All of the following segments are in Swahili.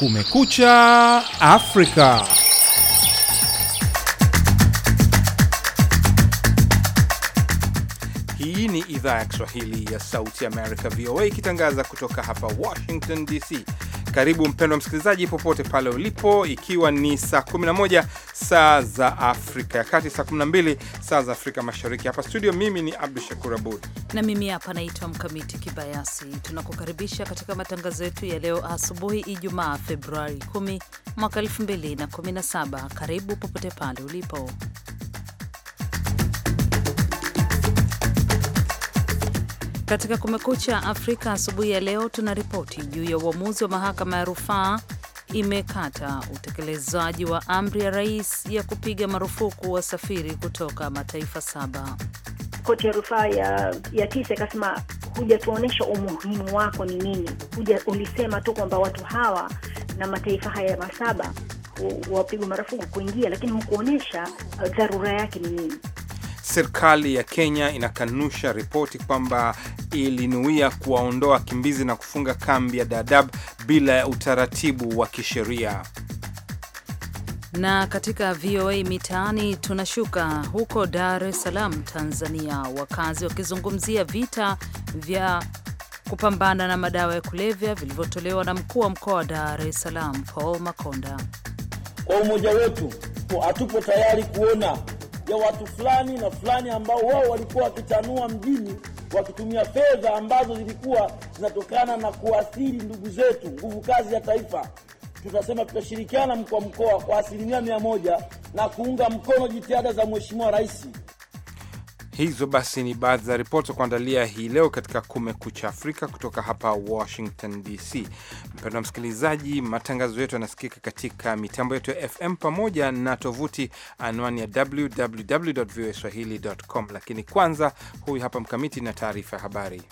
Kumekucha Afrika. Hii ni idhaa ya Kiswahili ya Sauti Amerika, VOA, ikitangaza kutoka hapa Washington DC. Karibu mpendwa msikilizaji, popote pale ulipo, ikiwa ni saa 11 saa za Afrika ya Kati, saa 12 saa za Afrika Mashariki. Hapa studio, mimi ni Abdu Shakur Abud na mimi hapa naitwa Mkamiti Kibayasi. Tunakukaribisha katika matangazo yetu ya leo asubuhi, Ijumaa Februari 10 mwaka 2017. Karibu popote pale ulipo Katika Kumekucha Afrika asubuhi ya leo, tuna ripoti juu ya uamuzi wa mahakama ya rufaa imekata utekelezaji wa amri ya rais ya kupiga marufuku wasafiri kutoka mataifa saba. Koti ya rufaa ya, ya tisa ikasema hujatuonyesha umuhimu wako ni nini, huja ulisema tu kwamba watu hawa na mataifa haya masaba wapigwa marufuku kuingia, lakini hukuonyesha uh, dharura yake ni nini. Serikali ya Kenya inakanusha ripoti kwamba ilinuia kuwaondoa wakimbizi na kufunga kambi ya Dadaab bila ya utaratibu wa kisheria. Na katika VOA Mitaani tunashuka huko Dar es Salaam, Tanzania, wakazi wakizungumzia vita vya kupambana na madawa ya kulevya vilivyotolewa na mkuu wa mkoa wa Dar es Salaam Paul Makonda. Kwa umoja wetu hatupo tayari kuona ya watu fulani na fulani ambao wao walikuwa wakitanua mjini wakitumia fedha ambazo zilikuwa zinatokana na kuathiri ndugu zetu, nguvu kazi ya taifa. Tutasema tutashirikiana mkoa mkoa kwa asilimia mia moja na kuunga mkono jitihada za Mheshimiwa Rais Hizo basi ni baadhi za ripoti za kuandalia hii leo katika Kumekucha Afrika kutoka hapa Washington DC. Mpendwa msikilizaji, matangazo yetu yanasikika katika mitambo yetu ya FM pamoja na tovuti anwani ya www voa swahili com. Lakini kwanza, huyu hapa Mkamiti na taarifa ya habari.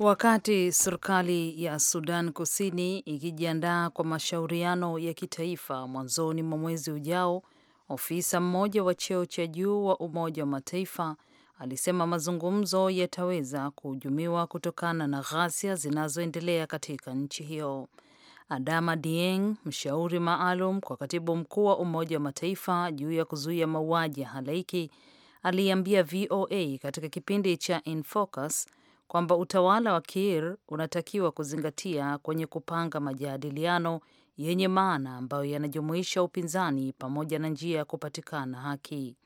Wakati serikali ya Sudan Kusini ikijiandaa kwa mashauriano ya kitaifa mwanzoni mwa mwezi ujao, ofisa mmoja wa cheo cha juu wa Umoja wa Mataifa alisema mazungumzo yataweza kuhujumiwa kutokana na ghasia zinazoendelea katika nchi hiyo. Adama Dieng, mshauri maalum kwa katibu mkuu wa Umoja wa Mataifa juu ya kuzuia mauaji ya halaiki, aliambia VOA katika kipindi cha Infocus Focus kwamba utawala wa Kiir unatakiwa kuzingatia kwenye kupanga majadiliano yenye maana ambayo yanajumuisha upinzani pamoja na njia ya kupatikana haki.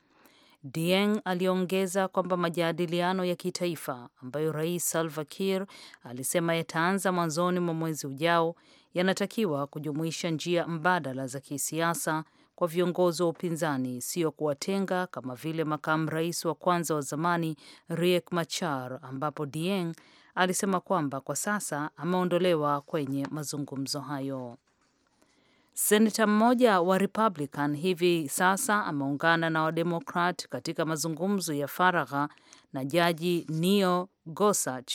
Dieng aliongeza kwamba majadiliano ya kitaifa ambayo Rais Salva Kiir alisema yataanza mwanzoni mwa mwezi ujao yanatakiwa kujumuisha njia mbadala za kisiasa kwa viongozi wa upinzani, sio kuwatenga kama vile makamu rais wa kwanza wa zamani Riek Machar, ambapo Dieng alisema kwamba kwa sasa ameondolewa kwenye mazungumzo hayo. Senata mmoja wa Republican hivi sasa ameungana na Wademokrat katika mazungumzo ya faragha na jaji Neil Gorsuch,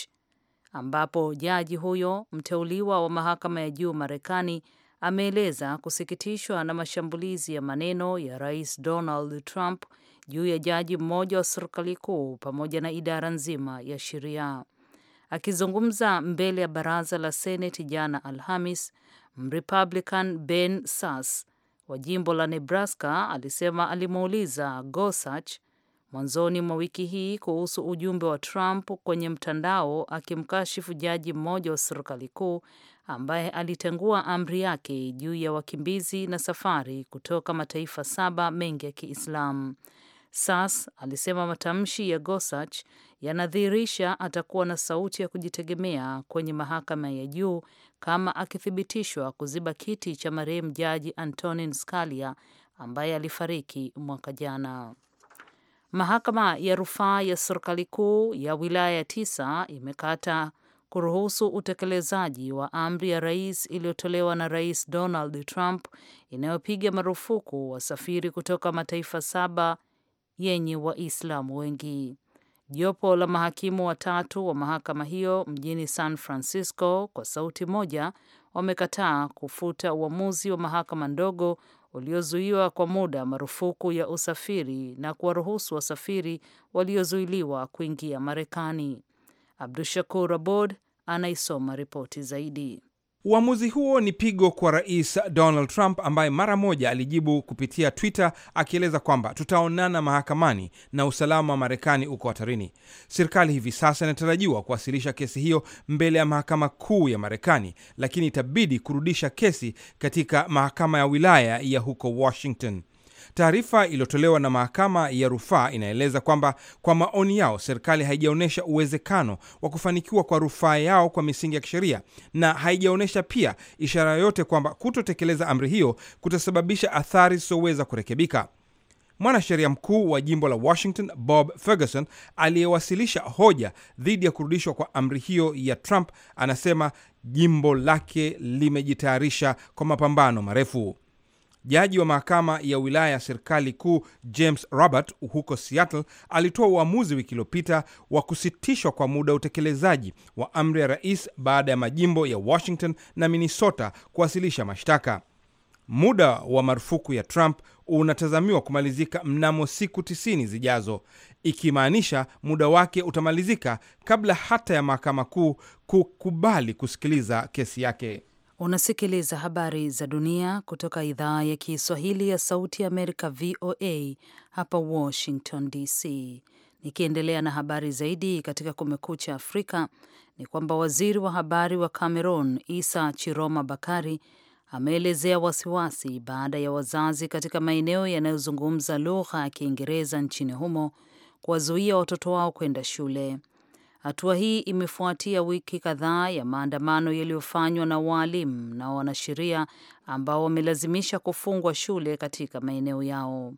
ambapo jaji huyo mteuliwa wa mahakama ya juu Marekani ameeleza kusikitishwa na mashambulizi ya maneno ya Rais Donald Trump juu ya jaji mmoja wa serikali kuu pamoja na idara nzima ya sheria. Akizungumza mbele ya baraza la Seneti jana Alhamis, Mrepublican Ben Sass wa jimbo la Nebraska alisema alimuuliza gosach mwanzoni mwa wiki hii kuhusu ujumbe wa Trump kwenye mtandao akimkashifu jaji mmoja wa serikali kuu ambaye alitengua amri yake juu ya wakimbizi na safari kutoka mataifa saba mengi ya Kiislamu. Sas alisema matamshi ya Gosach yanadhihirisha atakuwa na sauti ya kujitegemea kwenye mahakama ya juu kama akithibitishwa kuziba kiti cha marehemu jaji Antonin Scalia ambaye alifariki mwaka jana. Mahakama ya rufaa ya serikali kuu ya wilaya tisa imekata kuruhusu utekelezaji wa amri ya rais iliyotolewa na Rais Donald Trump inayopiga marufuku wasafiri kutoka mataifa saba yenye Waislamu wengi. Jopo la mahakimu watatu wa mahakama hiyo mjini San Francisco kwa sauti moja wamekataa kufuta uamuzi wa mahakama ndogo uliozuiwa kwa muda marufuku ya usafiri na kuwaruhusu wasafiri waliozuiliwa kuingia Marekani. Abdushakur Abod anaisoma ripoti zaidi. Uamuzi huo ni pigo kwa rais Donald Trump ambaye mara moja alijibu kupitia Twitter akieleza kwamba tutaonana mahakamani na usalama wa Marekani uko hatarini. Serikali hivi sasa inatarajiwa kuwasilisha kesi hiyo mbele ya mahakama kuu ya Marekani, lakini itabidi kurudisha kesi katika mahakama ya wilaya ya huko Washington. Taarifa iliyotolewa na mahakama ya rufaa inaeleza kwamba kwa maoni yao serikali haijaonyesha uwezekano wa kufanikiwa kwa rufaa yao kwa misingi ya kisheria na haijaonyesha pia ishara yoyote kwamba kutotekeleza amri hiyo kutasababisha athari zisizoweza kurekebika. Mwanasheria mkuu wa jimbo la Washington Bob Ferguson aliyewasilisha hoja dhidi ya kurudishwa kwa amri hiyo ya Trump anasema jimbo lake limejitayarisha kwa mapambano marefu. Jaji wa mahakama ya wilaya ya serikali kuu James Robert huko Seattle alitoa uamuzi wiki iliyopita wa kusitishwa kwa muda utekelezaji wa amri ya rais baada ya majimbo ya Washington na Minnesota kuwasilisha mashtaka. Muda wa marufuku ya Trump unatazamiwa kumalizika mnamo siku 90 zijazo, ikimaanisha muda wake utamalizika kabla hata ya mahakama kuu kukubali kusikiliza kesi yake. Unasikiliza habari za dunia kutoka idhaa ya Kiswahili ya Sauti ya Amerika, VOA hapa Washington DC. Nikiendelea na habari zaidi katika Kumekucha Afrika ni kwamba waziri wa habari wa Cameroon Isa Chiroma Bakari ameelezea wasiwasi baada ya wazazi katika maeneo yanayozungumza lugha ya Kiingereza nchini humo kuwazuia watoto wao kwenda shule. Hatua hii imefuatia wiki kadhaa ya maandamano yaliyofanywa na waalimu na wanasheria ambao wamelazimisha kufungwa shule katika maeneo yao.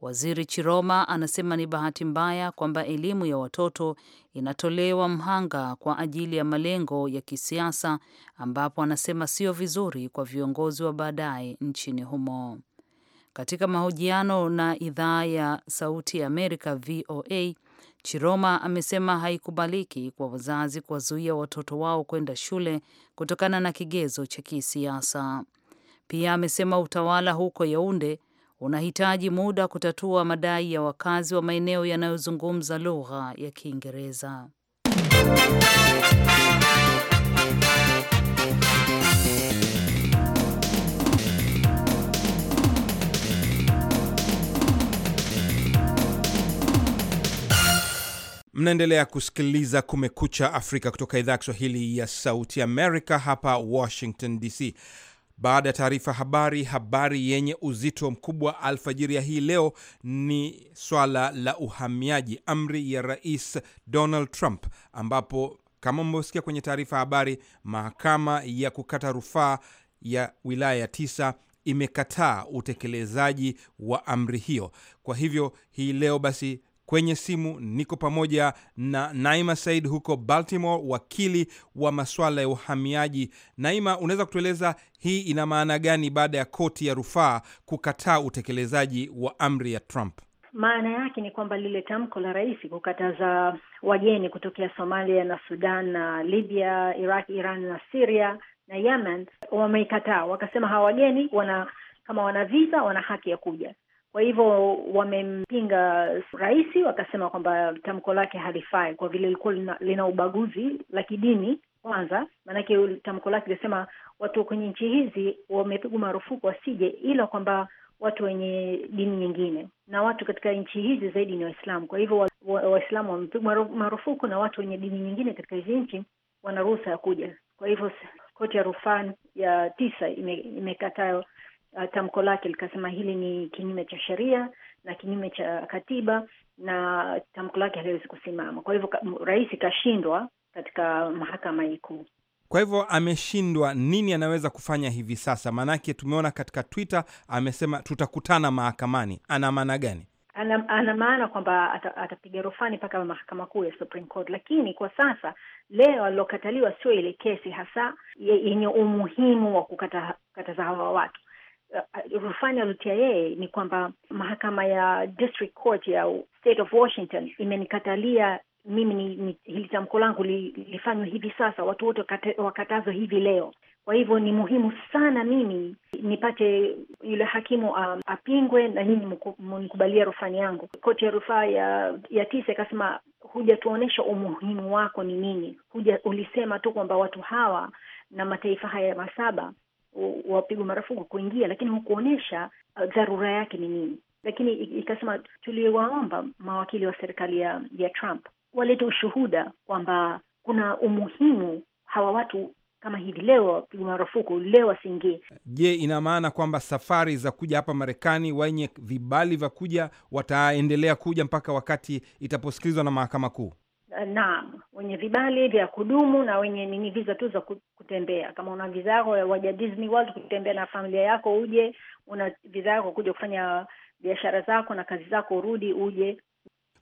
Waziri Chiroma anasema ni bahati mbaya kwamba elimu ya watoto inatolewa mhanga kwa ajili ya malengo ya kisiasa, ambapo anasema sio vizuri kwa viongozi wa baadaye nchini humo. Katika mahojiano na idhaa ya Sauti ya Amerika VOA, Chiroma amesema haikubaliki kwa wazazi kuwazuia watoto wao kwenda shule kutokana na kigezo cha kisiasa. Pia amesema utawala huko Yaunde unahitaji muda kutatua madai ya wakazi wa maeneo yanayozungumza lugha ya Kiingereza. Mnaendelea kusikiliza Kumekucha Afrika kutoka idhaa ya Kiswahili ya Sauti Amerika hapa Washington DC. Baada ya taarifa habari, habari yenye uzito mkubwa alfajiri ya hii leo ni swala la uhamiaji, amri ya Rais Donald Trump, ambapo kama mmevyosikia kwenye taarifa ya habari, mahakama ya kukata rufaa ya wilaya ya tisa imekataa utekelezaji wa amri hiyo. Kwa hivyo hii leo basi Kwenye simu niko pamoja na Naima Said huko Baltimore, wakili wa maswala ya uhamiaji. Naima, unaweza kutueleza hii ina maana gani baada ya koti ya rufaa kukataa utekelezaji wa amri ya Trump? Maana yake ni kwamba lile tamko la rais kukataza wageni kutokea Somalia na Sudan na Libya, Iraq, Iran na Syria na Yemen, wameikataa wakasema hawa wageni wana kama wana visa wana haki ya kuja. Kwa hivyo wamempinga rais, wakasema kwamba tamko lake halifai kwa vile lilikuwa lina, lina ubaguzi la kidini kwanza, maanake tamko lake lilisema watu kwenye nchi hizi wamepigwa marufuku wasije, ila kwamba watu wenye dini nyingine, na watu katika nchi hizi zaidi ni Waislamu. Kwa hivyo Waislamu wa, wa wamepigwa marufuku na watu wenye dini nyingine katika hizi nchi wana ruhusa ya kuja. Kwa hivyo koti ya rufani ya tisa imekataa ime Uh, tamko lake likasema hili ni kinyume cha sheria na kinyume cha katiba na tamko lake haliwezi kusimama. Kwa hivyo rais kashindwa katika mahakama ikuu. Kwa hivyo ameshindwa. Nini anaweza kufanya hivi sasa? Maanake tumeona katika Twitter amesema tutakutana mahakamani. Ana maana gani? Ana, ana maana kwamba atapiga rufani mpaka mahakama kuu ya Supreme Court, lakini kwa sasa leo alilokataliwa sio ile kesi hasa yenye umuhimu wa kukataza hawa watu uh, uh rufani yeye ni kwamba mahakama ya district court ya state of Washington imenikatalia mimi ni, ni, hili tamko langu lilifanywa hivi sasa, watu wote wakatazwa hivi leo. Kwa hivyo ni muhimu sana mimi nipate yule hakimu um, apingwe na nyinyi mnikubalia rufani yangu. Koti ya rufaa ya ya tisa ikasema, hujatuonyesha umuhimu wako ni nini, huja ulisema tu kwamba watu hawa na mataifa haya masaba wapigwa marufuku kuingia, lakini hukuonyesha uh, dharura yake ni nini. Lakini ikasema tuliwaomba mawakili wa serikali ya, ya Trump walete ushuhuda kwamba kuna umuhimu hawa watu kama hivi leo wapigwa marufuku, leo wasiingie. Je, ina maana kwamba safari za kuja hapa Marekani, wenye vibali vya kuja wataendelea kuja mpaka wakati itaposikilizwa na mahakama kuu? Eh, naam, wenye vibali vya kudumu na wenye nini visa tu za kutembea. Kama una visa yako waja Disney World kutembea na familia yako uje, una visa yako kuja kufanya biashara zako na kazi zako urudi uje.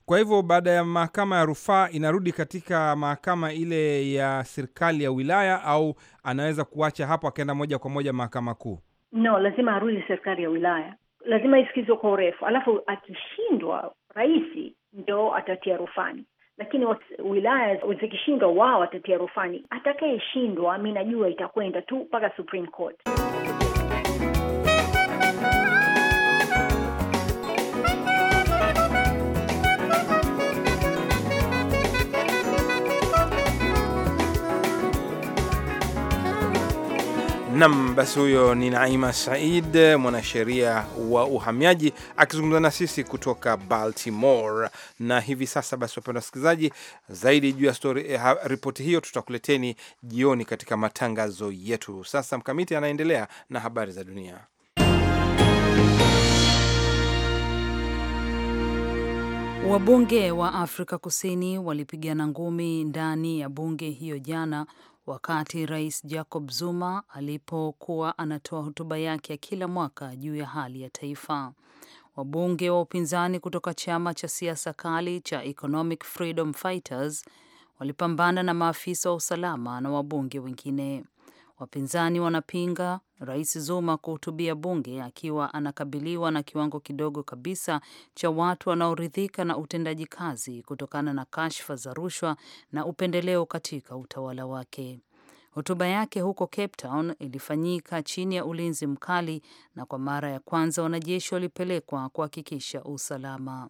Kwa hivyo baada ya mahakama ya rufaa inarudi katika mahakama ile ya serikali ya wilaya, au anaweza kuacha hapo akaenda moja kwa moja mahakama kuu? No, lazima arudi serikali ya wilaya, lazima isikizwe kwa urefu, alafu akishindwa rais ndo atatia rufani lakini wilaya zikishindwa wao watatia rufani. Atakayeshindwa mi najua itakwenda tu mpaka Supreme Court. Nam, basi huyo ni Naima Said, mwanasheria wa uhamiaji akizungumza na sisi kutoka Baltimore. Na hivi sasa basi, wapenda wasikilizaji, zaidi juu ya eh, ripoti hiyo tutakuleteni jioni katika matangazo yetu. Sasa Mkamiti anaendelea na habari za dunia. Wabunge wa Afrika Kusini walipigana ngumi ndani ya bunge hiyo jana wakati Rais Jacob Zuma alipokuwa anatoa hotuba yake ya kila mwaka juu ya hali ya taifa. Wabunge wa upinzani kutoka chama cha siasa kali cha Economic Freedom Fighters walipambana na maafisa wa usalama na wabunge wengine. Wapinzani wanapinga Rais Zuma kuhutubia bunge akiwa anakabiliwa na kiwango kidogo kabisa cha watu wanaoridhika na utendaji kazi kutokana na kashfa za rushwa na upendeleo katika utawala wake. Hotuba yake huko Cape Town ilifanyika chini ya ulinzi mkali na kwa mara ya kwanza wanajeshi walipelekwa kuhakikisha usalama.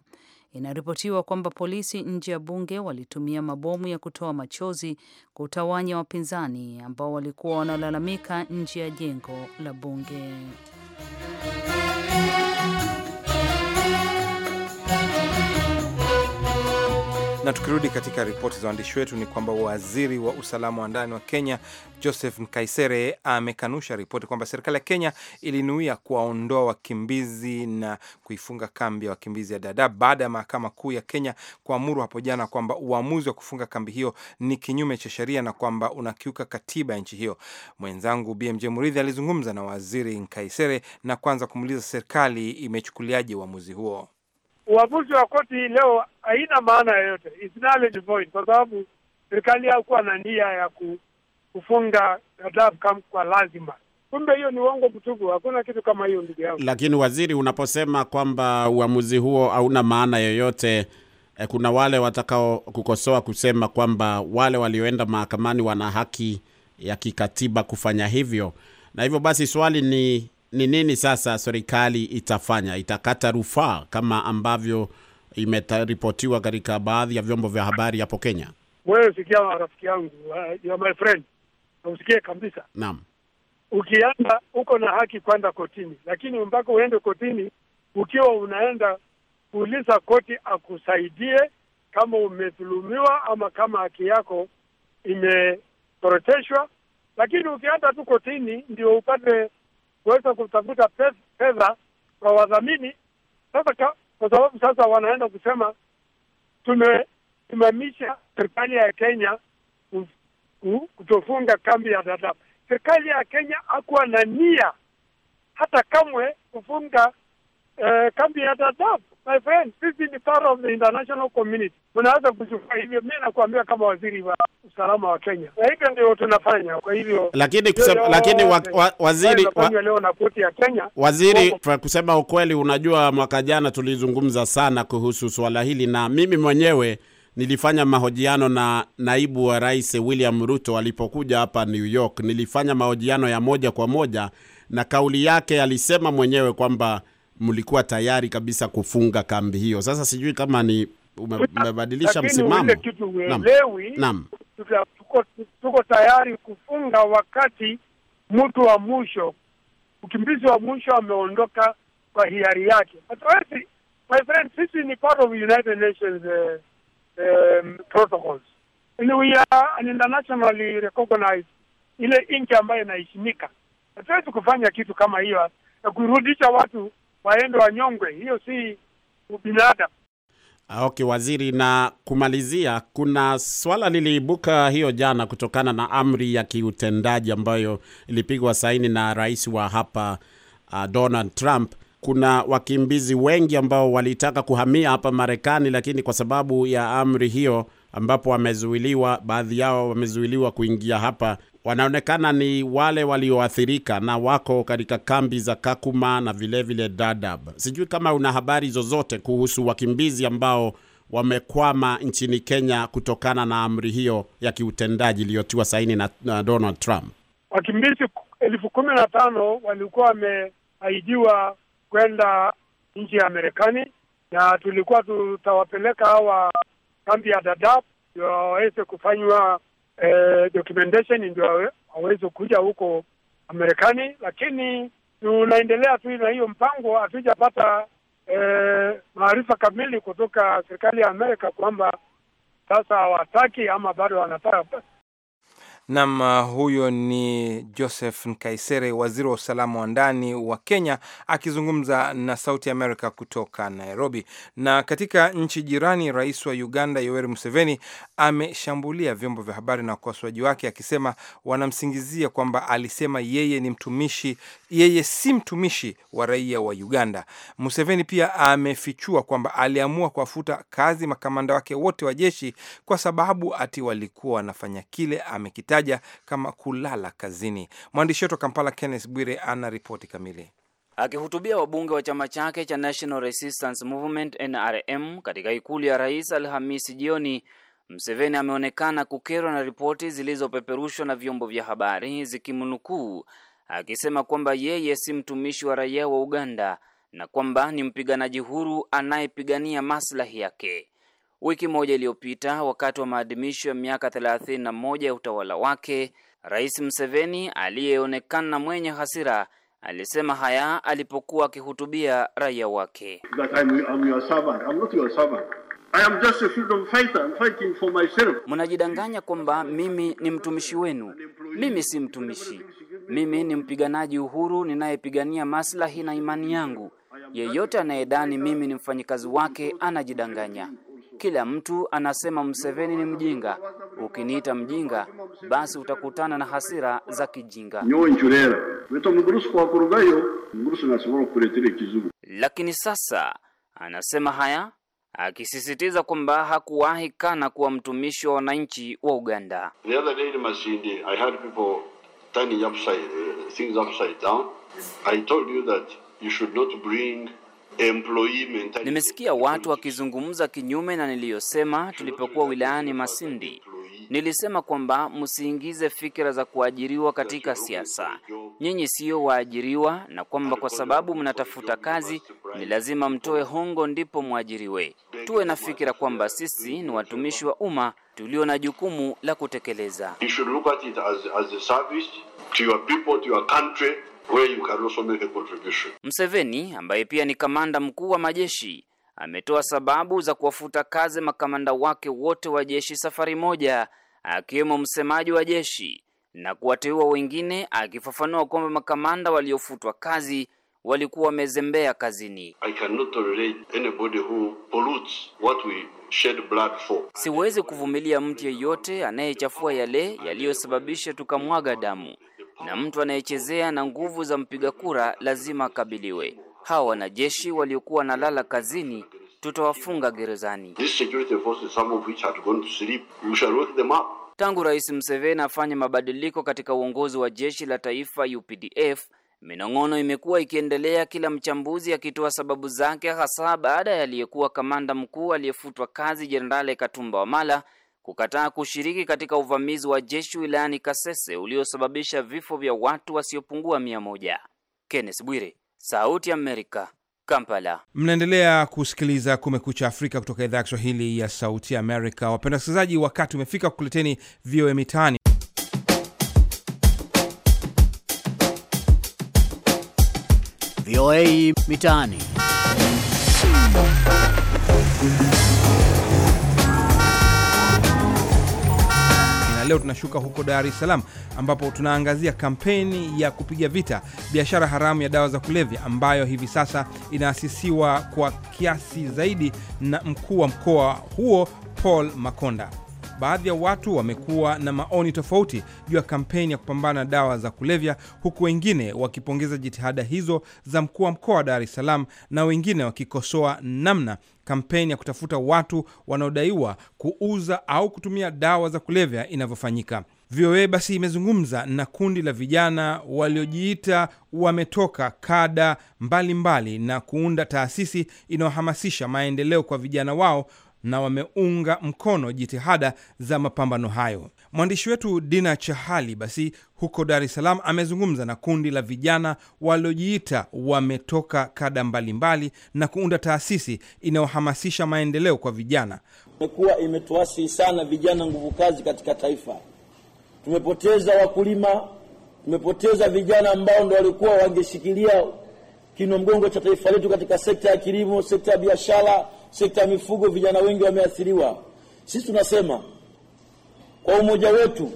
Inaripotiwa kwamba polisi nje ya bunge walitumia mabomu ya kutoa machozi kutawanya wapinzani ambao walikuwa wanalalamika nje ya jengo la bunge. Na tukirudi katika ripoti za waandishi wetu, ni kwamba waziri wa usalama wa ndani wa Kenya Joseph Nkaisere amekanusha ripoti kwamba serikali ya Kenya ilinuia kuwaondoa wakimbizi na kuifunga kambi ya wakimbizi ya Dadaab baada ya mahakama kuu ya Kenya kuamuru hapo jana kwamba uamuzi wa kufunga kambi hiyo ni kinyume cha sheria na kwamba unakiuka katiba ya nchi hiyo. Mwenzangu BMJ Muridhi alizungumza na waziri Nkaisere na kwanza kumuuliza serikali imechukuliaje uamuzi huo uamuzi wa koti hii leo haina maana yoyote, it's null and void, kwa sababu serikali hakuwa na nia ya kufunga Dadaab Camp kwa lazima. Kumbe hiyo ni uongo mtupu, hakuna kitu kama hiyo ndugu yangu. Lakini waziri, unaposema kwamba uamuzi huo hauna maana yoyote eh, kuna wale watakao kukosoa kusema kwamba wale walioenda mahakamani wana haki ya kikatiba kufanya hivyo, na hivyo basi swali ni ni nini sasa serikali itafanya? Itakata rufaa kama ambavyo imeripotiwa katika baadhi ya vyombo vya habari hapo Kenya? Wewe sikia, rafiki yangu, uh, my friend, usikie kabisa. Naam, ukienda uko na haki kwenda kotini, lakini mpaka uende kotini, ukiwa unaenda kuuliza koti akusaidie kama umedhulumiwa ama kama haki yako imetoroteshwa. Lakini ukienda tu kotini ndio upate kuweza kutafuta fedha kwa wadhamini. Sasa kwa sababu sasa wanaenda kusema tumesimamisha serikali ya Kenya kutofunga kambi ya Dadaab. Serikali ya Kenya hakuwa na nia hata kamwe kufunga eh, kambi ya Dadaab. My friend, sisi ni part of the international community, Unaweza kuchukua hivyo. Mi nakuambia kama waziri wa usalama wa Kenya, na hivyo ndio tunafanya. Kwa hivyo lakini kusema, lakini wa, eh, wa, waziri wa, leo na koti ya Kenya, waziri kwa kusema ukweli, unajua mwaka jana tulizungumza sana kuhusu swala hili, na mimi mwenyewe nilifanya mahojiano na naibu wa rais William Ruto alipokuja hapa New York. Nilifanya mahojiano ya moja kwa moja, na kauli yake alisema mwenyewe kwamba mlikuwa tayari kabisa kufunga kambi hiyo. Sasa sijui kama ni umebadilisha msimamo. Kitu uelewi. Naam, tuko, tuko tayari kufunga wakati mtu wa mwisho, mkimbizi wa mwisho ameondoka kwa hiari yake. Hatuwezi my friend, sisi ni part of United Nations uh, um, protocols and we are an internationally recognized ile nchi ambayo inaheshimika. Hatuwezi kufanya kitu kama hiyo ya kurudisha watu waende wanyongwe. Hiyo si ubinadamu. Ah, okay, waziri, na kumalizia, kuna swala liliibuka hiyo jana kutokana na amri ya kiutendaji ambayo ilipigwa saini na rais wa hapa uh, Donald Trump. Kuna wakimbizi wengi ambao walitaka kuhamia hapa Marekani, lakini kwa sababu ya amri hiyo ambapo wamezuiliwa, baadhi yao wamezuiliwa kuingia hapa wanaonekana ni wale walioathirika na wako katika kambi za Kakuma na vilevile vile Dadab. Sijui kama una habari zozote kuhusu wakimbizi ambao wamekwama nchini Kenya kutokana na amri hiyo ya kiutendaji iliyotiwa saini na, na Donald Trump. Wakimbizi elfu kumi na tano walikuwa wameahidiwa kwenda nchi ya Marekani na tulikuwa tutawapeleka hawa kambi ya Dadaab waweze kufanywa eh, documentation ndio hawezi kuja huko Marekani, lakini tunaendelea tu na hiyo mpango. Hatujapata eh, maarifa kamili kutoka serikali ya Amerika kwamba sasa hawataki ama bado wanataka Nam, uh, huyo ni Joseph Nkaisere, waziri wa usalama wa ndani wa Kenya, akizungumza na Sauti Amerika kutoka Nairobi. Na katika nchi jirani, rais wa Uganda Yoweri Museveni ameshambulia vyombo vya habari na wakosoaji wake, akisema wanamsingizia kwamba alisema yeye ni mtumishi, yeye si mtumishi wa raia wa Uganda. Museveni pia amefichua kwamba aliamua kuwafuta kazi makamanda wake wote wa jeshi kwa sababu ati walikuwa wanafanya kile amekita walivyotaja kama kulala kazini. Mwandishi wetu wa Kampala, Kenneth Bwire, ana ripoti kamili. Akihutubia wabunge wa chama chake cha National Resistance Movement NRM katika ikulu ya rais Alhamisi jioni, Mseveni ameonekana kukerwa na ripoti zilizopeperushwa na vyombo vya habari zikimnukuu akisema kwamba yeye si mtumishi wa raia wa Uganda na kwamba ni mpiganaji huru anayepigania maslahi yake. Wiki moja iliyopita, wakati wa maadhimisho ya miaka 31 ya utawala wake, Rais mseveni aliyeonekana mwenye hasira alisema haya alipokuwa akihutubia raia wake. Mnajidanganya kwamba mimi ni mtumishi wenu. Mimi si mtumishi. Mimi ni mpiganaji uhuru ninayepigania maslahi na imani yangu. Yeyote anayedhani mimi ni mfanyikazi wake anajidanganya. Kila mtu anasema Mseveni ni mjinga. Ukiniita mjinga, basi utakutana na hasira za kijinga. Lakini sasa anasema haya akisisitiza kwamba hakuwahi kana kuwa mtumishi wa wananchi wa Uganda. bring Nimesikia watu wakizungumza kinyume na niliyosema tulipokuwa wilayani Masindi. Nilisema kwamba msiingize fikira za kuajiriwa katika siasa, nyinyi siyo waajiriwa, na kwamba kwa sababu mnatafuta kazi ni lazima mtoe hongo ndipo mwajiriwe. Tuwe na fikira kwamba sisi ni watumishi wa umma tulio na jukumu la kutekeleza. You should look at it as, as a service to your people, to your country where you can also make a contribution. Mseveni ambaye pia ni kamanda mkuu wa majeshi ametoa sababu za kuwafuta kazi makamanda wake wote wa jeshi safari moja, akiwemo msemaji wa jeshi na kuwateua wengine, akifafanua kwamba makamanda waliofutwa kazi walikuwa wamezembea kazini. I cannot tolerate anybody who pollutes what we shed blood for. Siwezi kuvumilia mtu yeyote anayechafua yale yaliyosababisha tukamwaga damu na mtu anayechezea na nguvu za mpiga kura lazima akabiliwe. Hawa wanajeshi waliokuwa wanalala kazini tutawafunga gerezani. Tangu Rais Museveni afanye mabadiliko katika uongozi wa jeshi la taifa UPDF, minong'ono imekuwa ikiendelea, kila mchambuzi akitoa sababu zake, hasa baada ya aliyekuwa kamanda mkuu aliyefutwa kazi Jenerali Katumba Wamala kukataa kushiriki katika uvamizi wa jeshi wilayani Kasese uliosababisha vifo vya watu wasiopungua mia moja. Kenneth Bwire, Sauti ya Amerika, Kampala. Mnaendelea kusikiliza Kumekucha Afrika kutoka idhaa ya Kiswahili ya Sauti Amerika. Wapenda wasikilizaji, wakati umefika kukuleteni VOA e Mitaani. VOA e Mitaani. leo tunashuka huko Dar es Salaam ambapo tunaangazia kampeni ya kupiga vita biashara haramu ya dawa za kulevya ambayo hivi sasa inaasisiwa kwa kiasi zaidi na mkuu wa mkoa huo Paul Makonda baadhi ya watu wamekuwa na maoni tofauti juu ya kampeni ya kupambana na dawa za kulevya, huku wengine wakipongeza jitihada hizo za mkuu wa mkoa wa Dar es Salaam na wengine wakikosoa namna kampeni ya kutafuta watu wanaodaiwa kuuza au kutumia dawa za kulevya inavyofanyika. VOA basi imezungumza na kundi la vijana waliojiita wametoka kada mbalimbali mbali na kuunda taasisi inayohamasisha maendeleo kwa vijana wao na wameunga mkono jitihada za mapambano hayo. Mwandishi wetu Dina Chahali basi huko Dar es Salaam amezungumza na kundi la vijana waliojiita wametoka kada mbalimbali mbali, na kuunda taasisi inayohamasisha maendeleo kwa vijana. Imekuwa imetuasiri sana vijana nguvu kazi katika taifa. Tumepoteza wakulima, tumepoteza vijana ambao ndo walikuwa wangeshikilia kino mgongo cha taifa letu katika sekta ya kilimo, sekta ya biashara sekta ya mifugo, vijana wengi wameathiriwa. Sisi tunasema kwa umoja wetu,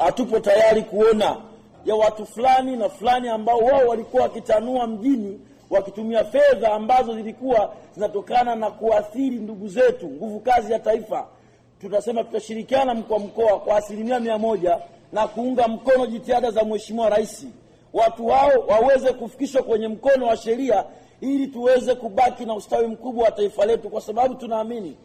hatupo tayari kuona ya watu fulani na fulani ambao wao walikuwa wakitanua mjini wakitumia fedha ambazo zilikuwa zinatokana na kuathiri ndugu zetu, nguvu kazi ya taifa. tutasema tutashirikiana mkoa mkoa kwa asilimia mia moja na kuunga mkono jitihada za Mheshimiwa Rais, watu hao waweze kufikishwa kwenye mkono wa sheria ili tuweze kubaki na ustawi mkubwa wa taifa letu, kwa sababu tunaamini.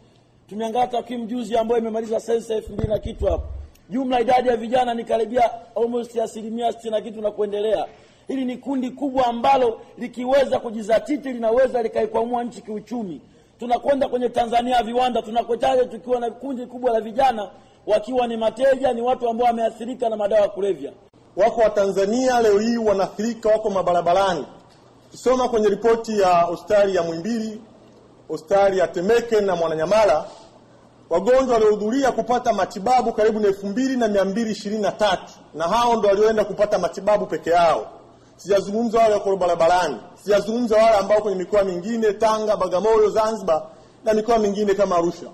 Tumeangalia takwimu juzi ambayo imemaliza sensa elfu mbili na kitu hapo, jumla idadi ya vijana ni karibia almost asilimia sitini na kitu na kuendelea. Hili ni kundi kubwa ambalo likiweza kujizatiti linaweza likaikwamua nchi kiuchumi. Tunakwenda kwenye Tanzania ya viwanda, tunakwetaje tukiwa na kundi kubwa la vijana wakiwa ni mateja, ni watu ambao wameathirika na madawa ya kulevya. Wako Watanzania leo hii wanaathirika, wako mabarabarani kisoma kwenye ripoti ya hospitali ya Mwimbili, hospitali ya Temeke na Mwananyamala, wagonjwa waliohudhuria kupata matibabu karibu na elfu mbili na mia mbili ishirini na tatu na hao ndo walioenda kupata matibabu peke yao. Sijazungumza wale wako barabarani, sijazungumza wale ambao kwenye mikoa mingine Tanga, Bagamoyo, Zanzibar na mikoa mingine kama Arusha.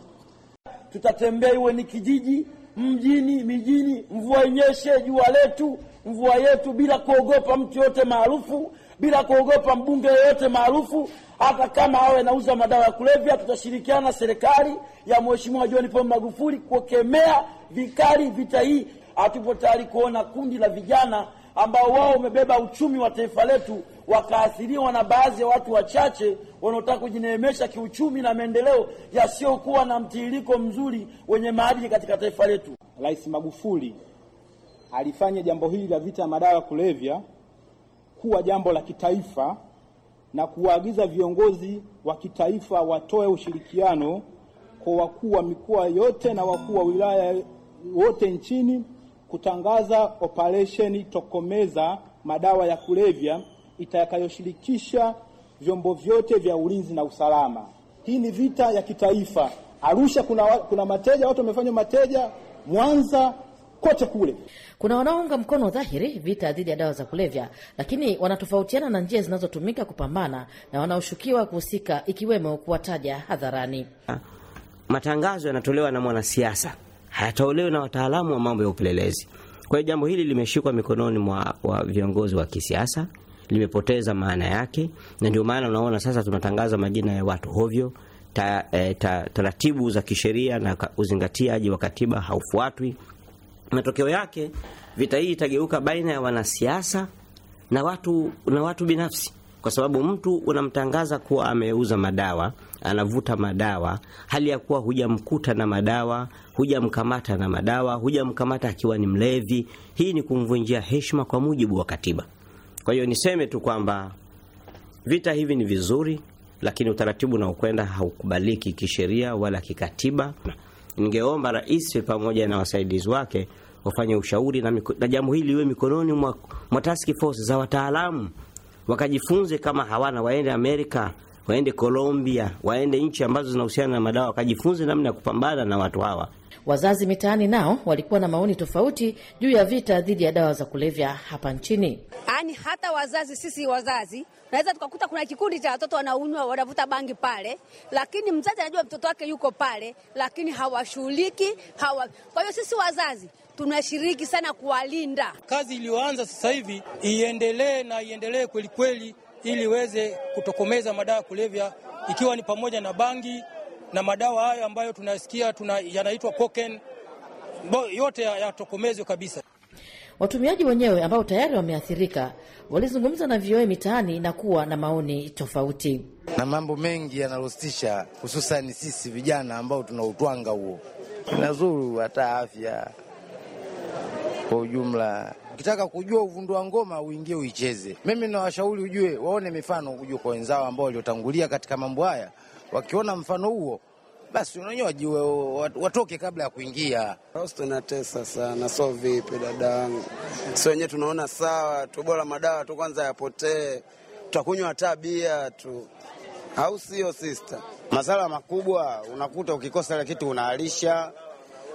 Tutatembea iwe ni kijiji, mjini, mijini, mvua inyeshe, jua letu, mvua yetu, bila kuogopa mtu yote maarufu bila kuogopa mbunge yoyote maarufu, hata kama awe anauza madawa ya kulevya. Tutashirikiana na serikali ya Mheshimiwa John Pombe Magufuli kukemea vikali vita hii. Hatupo tayari kuona kundi la vijana ambao wao wamebeba uchumi wa taifa letu wakaathiriwa na baadhi ya watu wachache wanaotaka kujineemesha kiuchumi na maendeleo yasiyokuwa na mtiririko mzuri wenye maadili katika taifa letu. Rais Magufuli alifanya jambo hili la vita ya madawa ya kulevya kuwa jambo la kitaifa na kuwaagiza viongozi wa kitaifa watoe ushirikiano kwa wakuu wa mikoa yote na wakuu wa wilaya wote nchini kutangaza operesheni Tokomeza Madawa ya Kulevya itakayoshirikisha vyombo vyote vya ulinzi na usalama. Hii ni vita ya kitaifa. Arusha kuna, kuna mateja, watu wamefanywa mateja. Mwanza kote kule. Kuna wanaounga mkono dhahiri vita dhidi ya dawa za kulevya, lakini wanatofautiana na njia zinazotumika kupambana na wanaoshukiwa kuhusika, ikiwemo kuwataja hadharani. Matangazo yanatolewa na mwanasiasa, hayatolewi na wataalamu wa mambo ya upelelezi. Kwa hiyo jambo hili limeshikwa mikononi mwa wa viongozi wa kisiasa, limepoteza maana yake, na ndio maana unaona sasa tunatangaza majina ya watu hovyo. Ta, e, ta, taratibu za kisheria na uzingatiaji wa katiba haufuatwi. Matokeo yake vita hii itageuka baina ya wanasiasa na watu, na watu binafsi kwa sababu mtu unamtangaza kuwa ameuza madawa, anavuta madawa, hali ya kuwa hujamkuta na madawa, hujamkamata na madawa, hujamkamata akiwa ni mlevi. Hii ni kumvunjia heshima kwa mujibu wa katiba. Kwa hiyo niseme tu kwamba vita hivi ni vizuri, lakini utaratibu unaokwenda haukubaliki kisheria wala kikatiba. Ningeomba rais pamoja na wasaidizi wake wafanye ushauri na, na jambo hili liwe mikononi mwa, mwa task force za wataalamu, wakajifunze. Kama hawana waende Amerika, waende Colombia, waende nchi ambazo zinahusiana na madawa, wakajifunze namna ya kupambana na watu hawa. Wazazi mitaani nao walikuwa na maoni tofauti juu ya vita dhidi ya dawa za kulevya hapa nchini. Yaani hata wazazi, sisi wazazi naweza tukakuta kuna kikundi cha watoto wanaunywa, wanavuta bangi pale, lakini mzazi anajua mtoto wake yuko pale, lakini hawashughuliki hawa. Kwa hiyo sisi wazazi tunashiriki sana kuwalinda. Kazi iliyoanza sasa hivi iendelee na iendelee kwelikweli, ili iweze kutokomeza madawa ya kulevya, ikiwa ni pamoja na bangi na madawa hayo ambayo tunasikia tuna, yanaitwa koken yote yatokomezwe kabisa. Watumiaji wenyewe ambao tayari wameathirika walizungumza na VOA mitaani na kuwa na maoni tofauti. Na mambo mengi yanarostisha, hususani sisi vijana ambao tuna utwanga huo, inazuru hata afya kwa ujumla. Ukitaka kujua uvundo wa ngoma uingie uicheze. Mimi nawashauri ujue, waone mifano, ujue kwa wenzao ambao waliotangulia katika mambo haya Wakiona mfano huo, basi wenyewe wajiwe watoke kabla ya kuingia. Tunatesa sana, so vipi dada wangu Si wenyewe tunaona sawa tu, bora madawa tu kwanza yapotee, tutakunywa hata bia tu, au sio sister? Masala makubwa unakuta ukikosa ile kitu unaalisha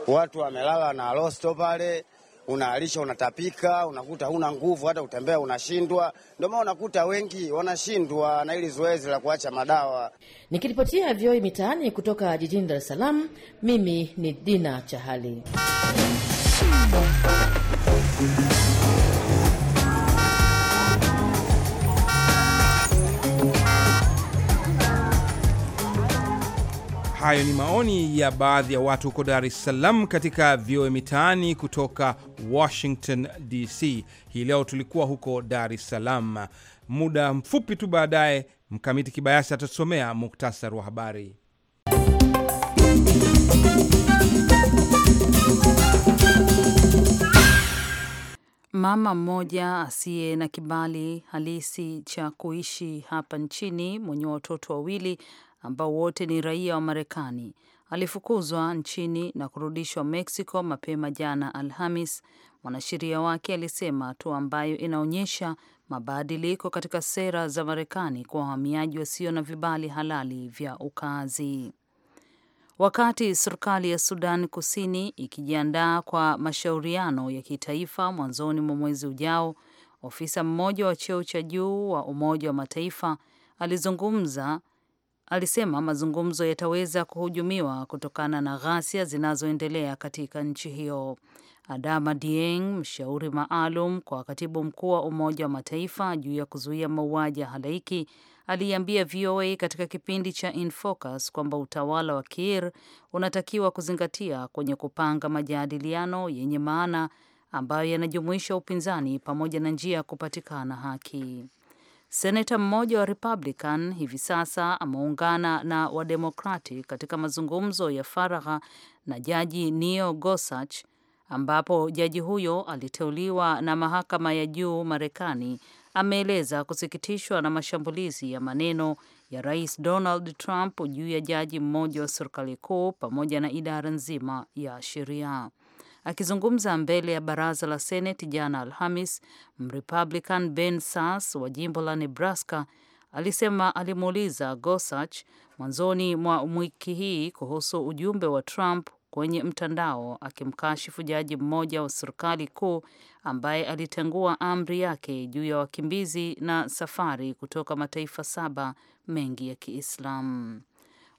watu wamelala na rosto pale unaalisha, unatapika, unakuta huna nguvu, hata utembea unashindwa. Ndio maana unakuta wengi wanashindwa na hili zoezi la kuacha madawa. Nikiripotia Vyoi Mitaani kutoka jijini Dar es Salaam, mimi ni Dina Chahali. Hayo ni maoni ya baadhi ya watu huko Dar es Salaam katika vioe Mitaani kutoka Washington DC. Hii leo tulikuwa huko Dar es Salaam. Muda mfupi tu baadaye, Mkamiti Kibayasi atasomea muktasar wa habari. Mama mmoja asiye na kibali halisi cha kuishi hapa nchini mwenye watoto wawili ambao wote ni raia wa Marekani alifukuzwa nchini na kurudishwa Mexico mapema jana Alhamis. Mwanasheria wake alisema hatua ambayo inaonyesha mabadiliko katika sera za Marekani kwa wahamiaji wasio na vibali halali vya ukaazi. Wakati serikali ya Sudan Kusini ikijiandaa kwa mashauriano ya kitaifa mwanzoni mwa mwezi ujao, ofisa mmoja wa cheo cha juu wa Umoja wa Mataifa alizungumza alisema mazungumzo yataweza kuhujumiwa kutokana na ghasia zinazoendelea katika nchi hiyo. Adama Dieng, mshauri maalum kwa katibu mkuu wa Umoja wa Mataifa juu ya kuzuia mauaji ya halaiki, aliambia VOA katika kipindi cha Infocus kwamba utawala wa Kiir unatakiwa kuzingatia kwenye kupanga majadiliano yenye maana ambayo yanajumuisha upinzani pamoja na njia ya kupatikana haki. Senata mmoja wa Republican hivi sasa ameungana na Wademokrati katika mazungumzo ya faragha na jaji Neil Gorsuch, ambapo jaji huyo aliteuliwa na mahakama ya juu Marekani ameeleza kusikitishwa na mashambulizi ya maneno ya Rais Donald Trump juu ya jaji mmoja wa serikali kuu pamoja na idara nzima ya sheria. Akizungumza mbele ya baraza la Seneti jana Alhamis, Mrepublican Ben Sass wa jimbo la Nebraska alisema alimuuliza gosach mwanzoni mwa wiki hii kuhusu ujumbe wa Trump kwenye mtandao akimkashifu jaji mmoja wa serikali kuu ambaye alitengua amri yake juu ya wakimbizi na safari kutoka mataifa saba mengi ya Kiislamu.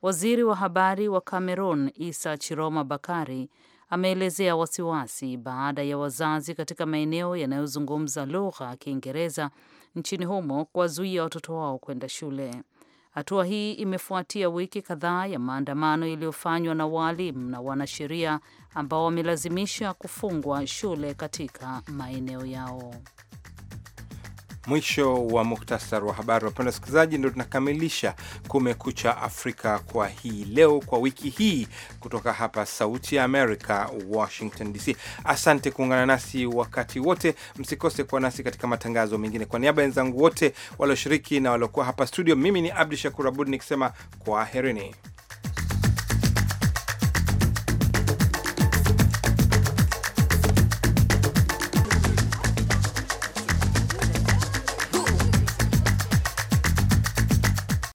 Waziri wa habari wa Cameroon Isa Chiroma Bakari ameelezea wasiwasi baada ya wazazi katika maeneo yanayozungumza lugha ya Kiingereza nchini humo kuwazuia watoto wao kwenda shule. Hatua hii imefuatia wiki kadhaa ya maandamano yaliyofanywa na waalimu na wanasheria ambao wamelazimisha kufungwa shule katika maeneo yao. Mwisho wa muktasar wa habari. Wapenda wasikilizaji, ndio tunakamilisha Kumekucha Afrika kwa hii leo, kwa wiki hii, kutoka hapa Sauti ya Amerika, Washington DC. Asante kuungana nasi wakati wote, msikose kuwa nasi katika matangazo mengine. Kwa niaba ya wenzangu wote walioshiriki na waliokuwa hapa studio, mimi ni Abdu Shakur Abud nikisema kwaherini.